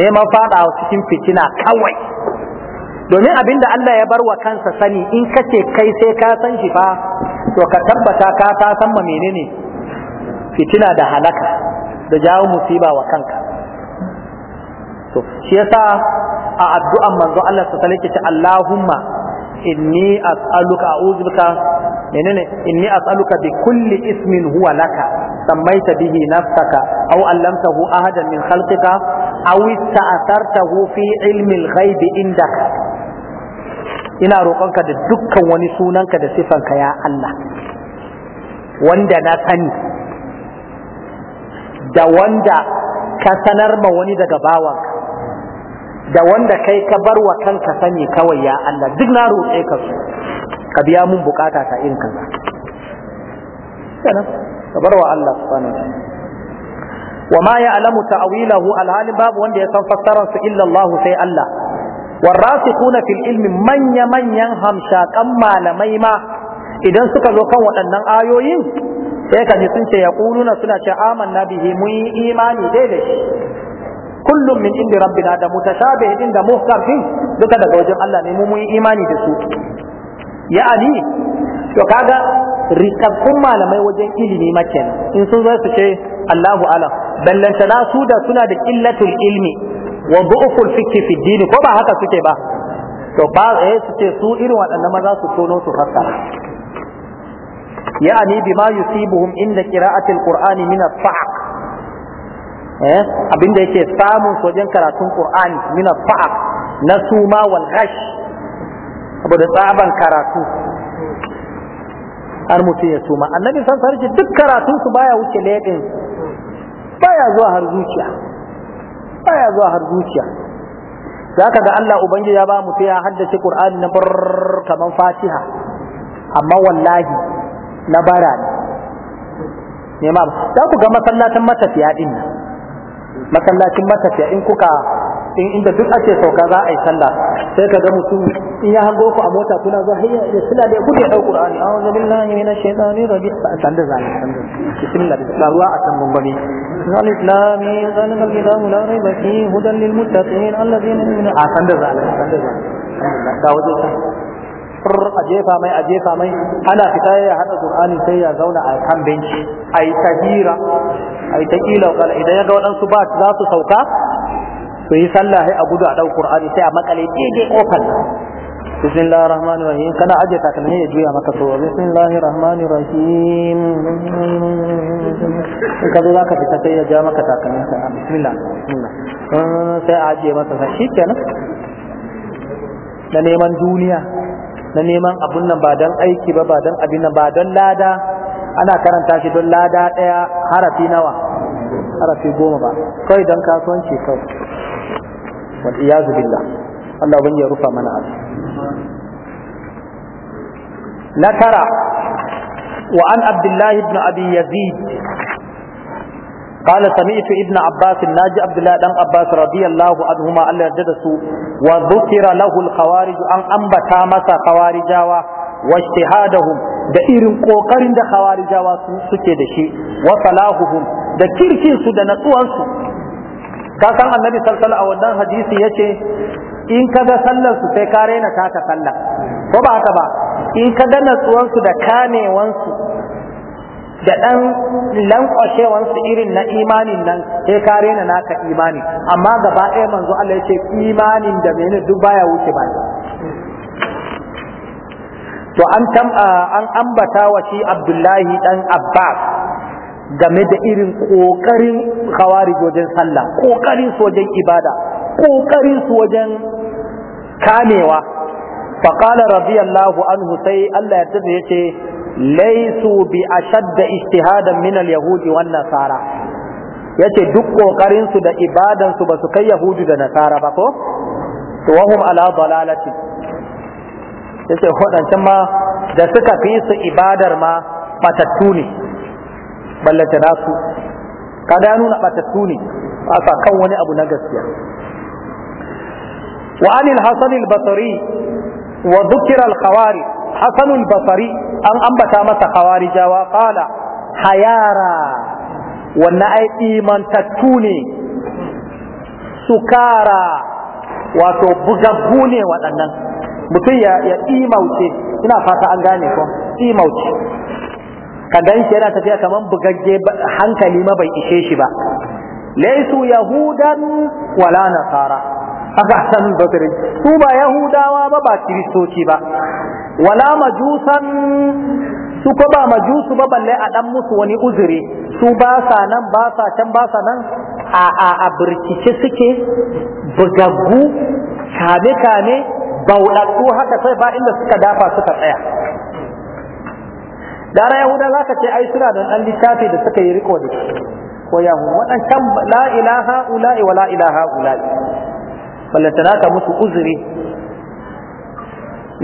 neman fada cikin fitina kawai domin abin da Allah ya bar wa kansa sani in ka ce kai sai ka san shi fa to ka tabbata ka ta san ma menene fitina da halaka da jawo musiba wa kanka to shi yasa a addu'an manzo Allah ta sallake ta Allahumma inni as'aluka a'udhu bika menene inni as'aluka bi kulli ismin huwa laka sammaita bihi nafsaka aw allamtahu ahadan min khalqika aw ista'thartahu fi ilmi al-ghaib indaka ina roƙonka da dukkan wani sunanka da sifanka ya Allah wanda na sani da wanda ka sanar ma wani daga bawanka da wanda kai ka bar wa kanka sani kawai ya Allah duk na roƙe ka su ka biya mun bukata ta irin kaza ka bar wa Allah subhanahu wa wa ma ya'lamu ta'wilahu alhalin babu wanda ya san fassarar illallahu sai Allah warrasikuna fil ilmi manya manyan hamshakan malamai ma idan suka zo kan waɗannan ayoyin sai ka ji sun ce yaquluna suna ce na bihi mun imani dai da shi kullum min indi rabbina da mutashabih din da muhkam din duka daga wajen Allah ne mu mun imani da su Ali, to kaga rikakkun malamai wajen ilimi makenan in sun zo su ce Allahu alam ballantana su da suna da illatul ilmi wa du'uful fikki fi ko ba haka suke ba to ba eh suke su irin waɗannan maza su tono su fassara ya'ani bima yusibuhum inda qira'atil qur'ani min as-sa'q eh yake samun wajen karatun qur'ani min as-sa'q na suma wal ghash tsaban karatu har mutum ya suma annabi san sarki duk karatun su baya wuce lebin baya zuwa har zuciya baya zuwa har zuciya zaka ga Allah ubangiji ya ba mu sai ya haddace Qur'ani na bar kaman Fatiha amma wallahi na bara ne ne ma za ku ga masallacin matafiya din nan masallacin matafiya in kuka in inda duk ake sauka za a yi sallah sai ka ga mutum in ya hango ku a mota kuna zuwa hayya ya sila da ya gudu kuke dau qur'ani a'udhu billahi minash shaitani rajim a san da zai san da bismillah da ruwa a kan bambami zalim lami zalim kitabu la rayba fi hudan lil muttaqin alladhina yu'minuna a san da zai san da zai ga wajen sai a jefa mai a jefa mai ana fita ya hada qur'ani sai ya zauna a kan benci A ai tahira yi ta kila idan ya ga waɗansu ba za su sauka su yi sallah sai a gudu a ɗau Qur'ani sai a makale daidai kofar bismillahir rahmanir rahim kana aje takalmi ya juya maka so bismillahir rahmanir rahim ka zo zaka fita sai ya ja maka takalmin ka bismillah sai a aje masa sa shikenan na neman duniya na neman abun nan ba dan aiki ba ba dan abin nan ba dan lada ana karanta shi don lada daya harafi nawa harafi goma ba kawai don kasuwanci kawai wal iyazu billah Allah ban ya rufa mana abu na tara wa an abdullahi ibn abi yazid قال سمعت ابن عباس الناجي عبد الله بن عباس رضي الله عنهما su يرضى وذكر له الخوارج ان انبتا مسا خوارجاوا واجتهادهم da irin kokarin da khawarijawa su suke da shi wa salahuhum da kirkinsu su da natsuwan su ka san annabi sallallahu a wannan hadisi yace in ka ga sallar su sai ka rena taka sallah ko ba haka ba in ka ga natsuwan su da kamewan su da dan lankwashewan su irin na imanin nan sai ka rena naka imani amma gaba ɗaya manzo Allah yace imanin da mene duk baya wuce ba to an tam an ambata wa shi Abdullahi dan Abbas game da irin ƙoƙarin kawari wajen sallah ƙoƙarin su wajen ibada ƙoƙarin su wajen kamewa faƙalar radiyallahu anhu sai Allah ya tafi yace laisu bi ashadda ijtihadan min al-yahudi wan nasara yace duk ƙoƙarin su da ibadan su ba su kai Yahudi da nasara ba ko to wahum ala dalalati yace waɗancan ma da suka fi su ibadar ma matattu ne ballanta nasu kada ya nuna batattu ne aka kan wani abu na gaskiya wa anil hasan al-basri wa dhukira al-khawari hasan al-basri an ambata masa khawarijawa qala hayara wannan ai imantattu ne sukara wato bugabbu ne waɗannan mutum ya imauce ina fata an gane ko imauce ka gan shi yana tafiya kamar bugagge hankali ma bai ishe shi ba laisu yahudan wala nasara aka san basri su ba yahudawa ba ba kiristoci ba wala majusan su ko ba majusu ba balle a dan musu wani uzuri su ba sa nan ba sa can ba sa nan a a a suke bugaggu kame kame bauɗaɗɗu haka sai ba inda suka dafa suka tsaya dara yahuda za ka ce ai suna da ɗan littafi da suka yi riko da ko yahu waɗancan la ilaha ula'i wa la ilaha ula'i ballantana musu uzuri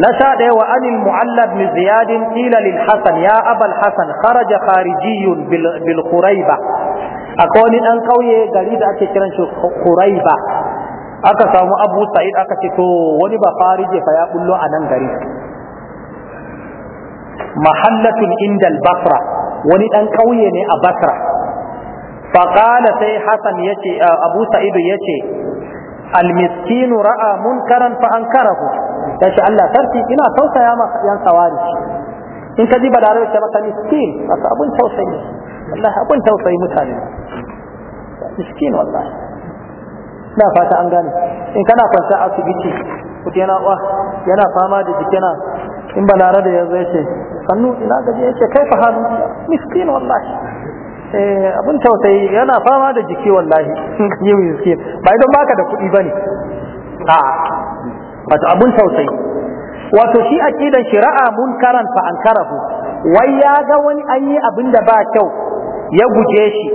na sha ɗaya wa anil mu'allab min ziyadin qila lil hasan ya abal hasan kharaja kharijiyyun bil quraiba akwai wani ɗan ƙauye gari da ake kiran shi quraiba aka samu abu sa'id aka ce to wani ba farije fa ya bullo a nan gari mahallatun indal basra wani dan kauye ne a basra faqala sai Hassan ya ce, eh, abu sa'id yace al miskinu ra'a munkaran fa an ankarahu yace Allah sarki ina tausaya ma yan sawari in ka ji badare ta maka miskin wato abun tausayi Allah abun tausayi mutane miskin wallahi na fata an gane in kana kwanta asibiti mutum yana uwa? yana fama da jikina in balare da ya zai ce hannu ina gaje yake kai fa hannu miskin wallahi eh abun tausayi yana fama da jiki wallahi yi miskin ba idan baka da kuɗi bane a wato abun tausayi wato shi aqidan shira'a munkaran fa ankarahu wai ya ga wani an yi abin da ba kyau ya guje shi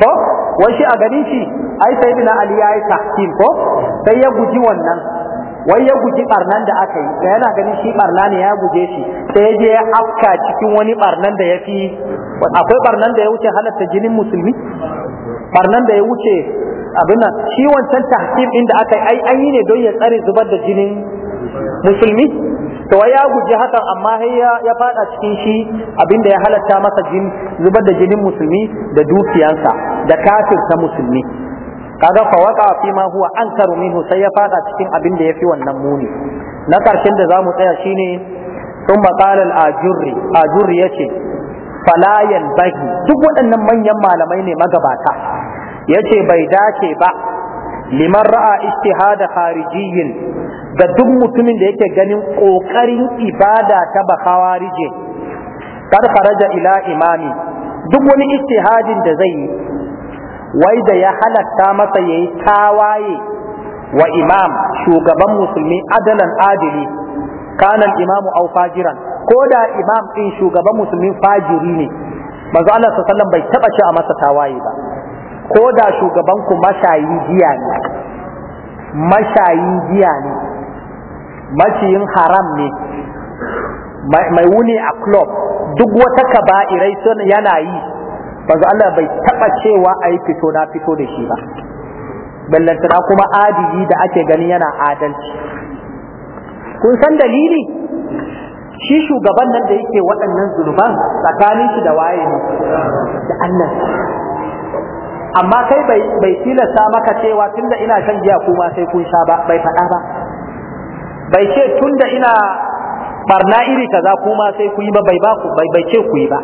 to wai shi a ganin shi ai sayyidina ali ya yi tahkim ko sai ya guji wannan wai ya guji barnan da aka yi da yana ganin shi barna ne ya guje shi sai je ya afka cikin wani barnan da ya fi akwai barnan da ya wuce halatta jinin musulmi barnan da ya wuce abin nan shi wancan tahkim inda aka yi an yi ne don ya tsare zubar da jinin musulmi to wai ya guje hakan amma sai ya fada cikin shi abinda ya halatta masa jin zubar da jinin musulmi da dukiyansa da kafirta musulmi kaga fa waka fi ma huwa ankaru minhu sai ya fada cikin abin da yafi wannan muni na karshen da zamu tsaya shine thumma qala al-ajurri ajurri yace fala bahi. duk waɗannan manyan malamai ne magabata yace bai dace ba liman ra'a ijtihada kharijiyyin da duk mutumin da yake ganin kokarin ibada ta bakawarije kar faraja ila imami duk wani ijtihadin da zai yi wai da ya halatta masa ya yi tawaye wa imam shugaban musulmi adalan adili kanan imamu au fajiran ko da imam ɗin shugaban musulmin fajiri ne manzo Allah sallallahu bai taba shi a masa tawaye ba ko da shugaban ku mashayi giya ne mashayi giya ne maciyin haram ne mai wuni a club duk wata kaba'irai yana yi Bazu Allah bai taɓa cewa a yi fito na fito da shi ba ballantana kuma adili da ake gani yana adalci kun san dalili shi shugaban nan da yake waɗannan zunuban tsakanin shi da waye ne da Allah amma kai bai tilasta maka cewa tunda ina shan giya kuma sai kun sha ba bai faɗa ba bai ce tunda ina barna iri kaza kuma sai ku yi ba bai ba ku bai bai ce ku yi ba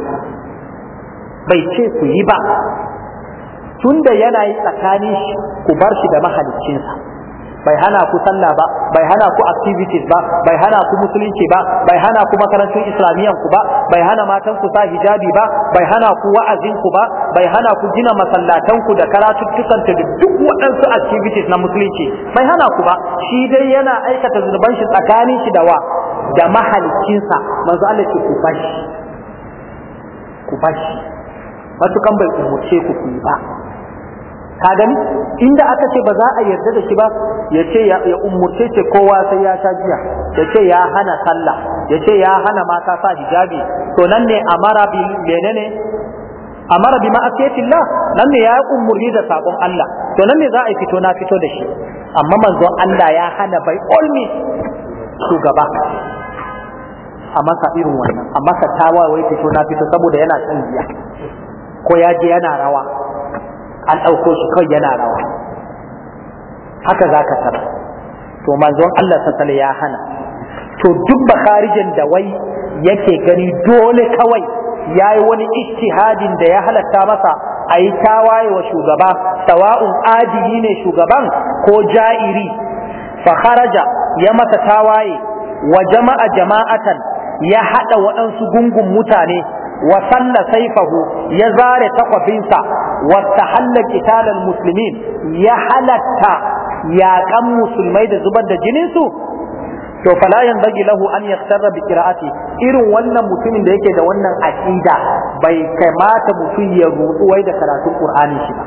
bai ce ku yi ba tunda yana yi tsakanin shi ku bar shi da mahaliccinsa bai hana ku sallah ba bai hana ku activities ba bai hana ku musulunci ba bai hana ku makarantun islamiyan ku ba bai hana matan ku sa hijabi ba bai hana ku wa'azin ku ba bai hana ku gina masallatan ku da karatuttukan ta duk waɗansu activities na musulunci bai hana ku ba shi dai yana aikata zunuban shi tsakanin shi da wa da mahalicinsa manzo Allah ku fashi ku bashi matukan bai umurce ku ku ba ka gani inda aka ce ba za a yarda da shi ba ya ce ya umurce ce kowa sai ya sha jiya ya ce ya hana sallah ya ce ya hana mata sa hijabi to nan ne amara bi menene amara bi ma'asiyatillah nan ne ya umurni da sabon Allah to nan ne za a fito na fito da shi amma manzo Allah ya hana bai olmi gaba a masa irin wannan a masa wai fito na fito saboda yana shan jiya. ko ya je yana rawa an ɗauko shi kawai yana rawa haka za ka tara to manzon Allah sassale ya hana to duk bakarijan da wai yake gani dole kawai ya yi wani ijtihadin da ya halatta masa a yi tawaye wa shugaba tawa'un adili ne shugaban ko ja'iri fa kharaja ya masa tawaye wa jama'a jama'atan ya haɗa waɗansu gungun mutane wa saifahu ya zare takwafinsa wa tahalla qitalal muslimin ya halarta yaƙan musulmai da zubar da jininsu to fala yanbaghi lahu an yaktarra bi qira'ati irin wannan mutumin da yake da wannan aqida bai kamata mutum ya rudu wai da karatun qur'ani shi ba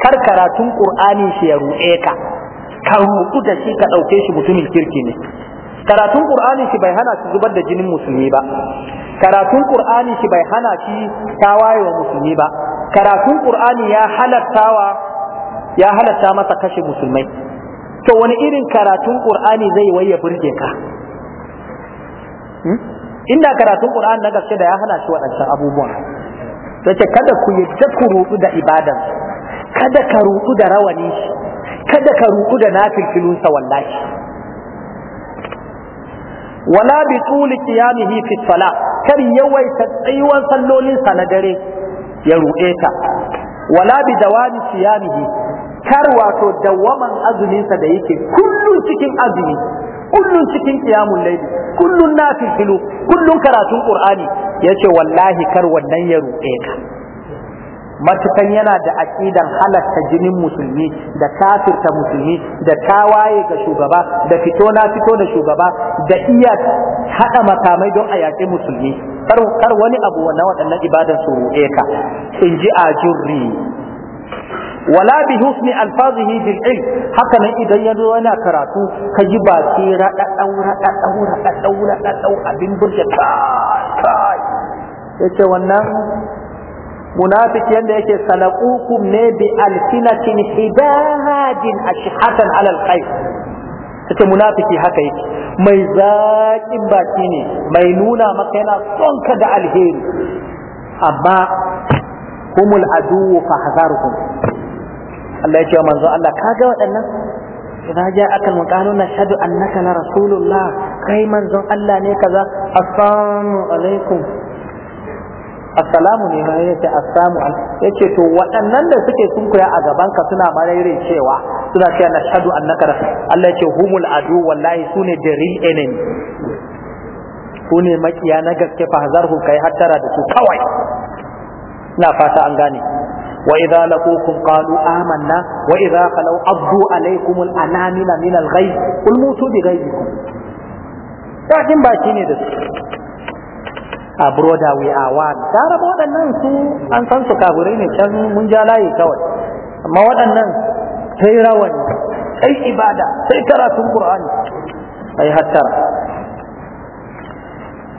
kar karatun qur'ani shi ya ruɗe ka ka rudu da shi ka dauke shi mutumin kirki ne karatun qur'ani shi bai hana shi zubar da jinin musulmi ba karatun qur'ani shi bai hana shi tawaye wa musulmi ba karatun qur'ani ya halattawa ya halatta masa kashe musulmai to wani irin karatun qur'ani zai waye burge ka hmm? inda karatun qur'ani na gaske da ya hana shi waɗancan abubuwan yace kada ku yadda ku rubu da ibadan kada ka rubu da rawani kada ka rubu da nafilfilunsa wallahi wala bi tuli qiyamihi fi salat kar yawaita tsayuwan sallolin sa na dare ya ruɗe ta wala bi dawami qiyamihi kar wato dawaman azumin sa da yake kullun cikin azumi kullun cikin qiyamul kullu kullun nafilu kullun karatun qur'ani yace wallahi kar wannan ya ruɗe ka matukan yana da aƙidan halatta jinin musulmi da kafirta musulmi da tawaye ga shugaba da fito na fito da shugaba da iya haɗa makamai don a yaƙi musulmi kar wani abu na waɗannan ibadan su ruɗe ka in ji a wala bi husni alfazihi bil ilm haka nan idan ya zo yana karatu ka ji ba sai raɗaɗau raɗaɗau raɗaɗau raɗaɗau abin burge kai kai yace wannan munafiki yanda yake salaqukum ne bi alfinatin hidahajin ashhatan alal alkhair take munafiki haka yake mai zaƙin baki ne mai nuna maka yana son ka da alheri amma humul aduwu fahzaruhum Allah ya ce manzo Allah kaga waɗannan idza ja'aka al-muqaluna shadu annaka la rasulullah kai manzo Allah ne kaza assalamu alaikum assalamu ne mai yace assalamu yake to waɗannan da suke sunkuya a gaban ka suna maraire cewa suna cewa nashhadu annaka Allah ce humul adu wallahi sune the real enemy sune makiya na gaske fa hazarhu kai hattara da su kawai na fata an gane wa idza laqukum qalu amanna wa idza khalu abdu alaykum al anamina min al ghayb qul mutu bi ghaybikum bakin baki ne da su a broda we are one gara waɗannan su an san su kaburai ne can mun ja layi kawai amma waɗannan sai rawani sai ibada sai karatun qur'ani ai hattara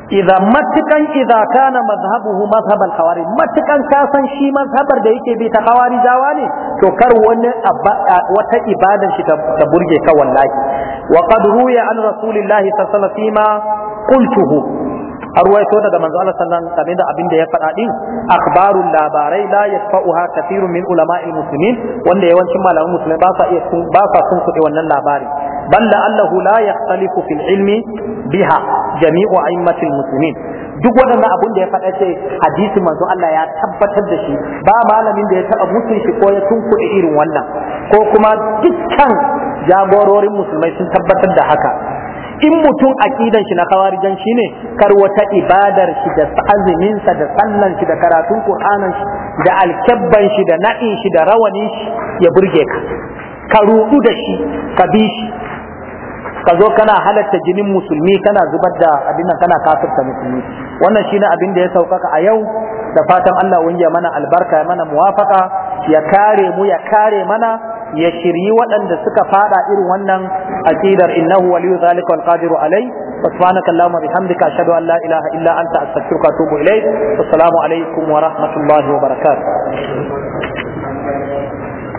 idza matukan idza kana mazhabuhu mazhab al khawari matukan ka san shi mazhabar da yake bi ta khawari jawa ne to kar wani wata ibadar shi ta burge ka wallahi wa qad ruya an rasulillahi sallallahu alaihi wasallam qultuhu arwaito daga manzo Allah sallallahu alaihi wasallam abin da ya faɗa din akhbarul labarai la yafa'uha kathirun min ulama'il muslimin wanda yawancin malaman musulmai ba sa iya ba sa sun kuɗe wannan labari bal la'allahu la yakhtalifu fil ilmi biha jami'u a'immatil muslimin duk waɗannan abin da ya faɗa ce hadisi manzo Allah ya tabbatar da shi ba malamin da ya taɓa mutun shi ko ya tunkuɗe irin wannan ko kuma dukkan jagororin musulmai sun tabbatar da haka in mutum aqidan shi na khawarijan shi ne kar wata ibadar shi da azumin sa da sallan shi da karatun qur'anin shi da alkabban shi da na'in shi da rawani shi ya burge ka ka rudu da shi ka bi shi ka zo kana halatta jinin musulmi kana zubar da abin kana kafirta musulmi wannan shine abin da ya saukaka a yau da fatan Allah wani mana albarka ya mana muwafaka ya kare mu ya kare mana ya shiryi waɗanda suka fada irin wannan aqidar innahu waliyu zalika wal alai subhanaka allahumma bihamdika ashhadu an la ilaha illa anta astaghfiruka wa atubu ilaik assalamu alaikum wa rahmatullahi wa barakatuh